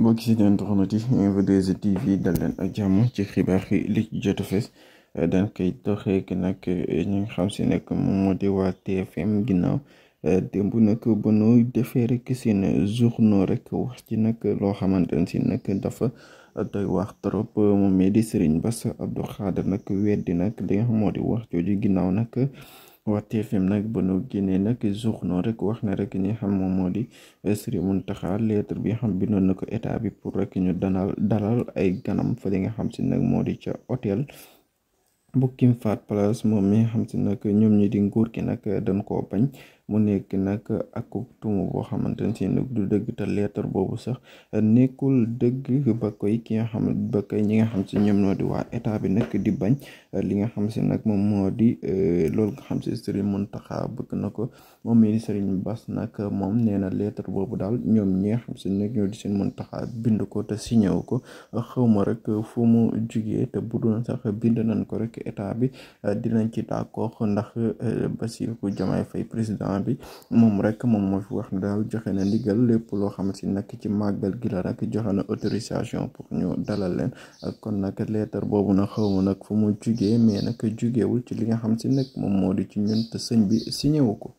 mbokk si leen internet yi Info 2S TV dal leen ak jàmm ci xibaar yi li ci jot a fees dañ koy doxee nag ñi nga xam si nekk moom moo di waa TFM ginnaaw démb nag ba noo defee rek seen journaux rek wax ci nag loo xamante ne si nag dafa doy wax trop moom mii di Serigne Bass Abdou Khadre nag weddi nag li nga xam moo di wax jooju ginnaaw nag. Watefem nag ba nu génnee nag suux noo rek wax na rek ñi xam moom moo di Sëriñ Muntaxa lettre bi xam bindoon na ko état bi pour rek ñu danal dalal ay ganam fa li nga xam si nag moo di ca hôtel bu King Palace moom mi nga xam si nag ñoom ñi di nguur ki nag dañ koo bañ. mu nekk nag ak tuuma boo xamante ne si du dëgg te boobu sax nekkul dëgg ba koy ki nga xam ba koy ñi nga xam si ñoom ñoo di waa état bi nag di bañ li nga xam si nag moom moo di eh, loolu nga xam si Serigne Mountakha bëgg na ko moom mii di Serigne Bass nag moom nee na leetar boobu daal ñoom ñi nga xam si nag ñoo di seen Mountakha bind ko te si ñëw ko xawma rek fu mu jugee te bu doon bind nañ ko rek état bi dinañ ci d'accord ndax eh, Bassirou Diomaye Faye président gouvernement bi moom rek moom moo fi wax ne daal joxe na ndigal lépp loo xamante ni nag ci màggal gi la rek joxe na autorisation pour ñu dalal leen kon nag leetar boobu nag xaw ma nag fu mu jugee mais nag jugewul ci li nga xam si nag moom moo di ci ñun te sëñ bi si wu ko.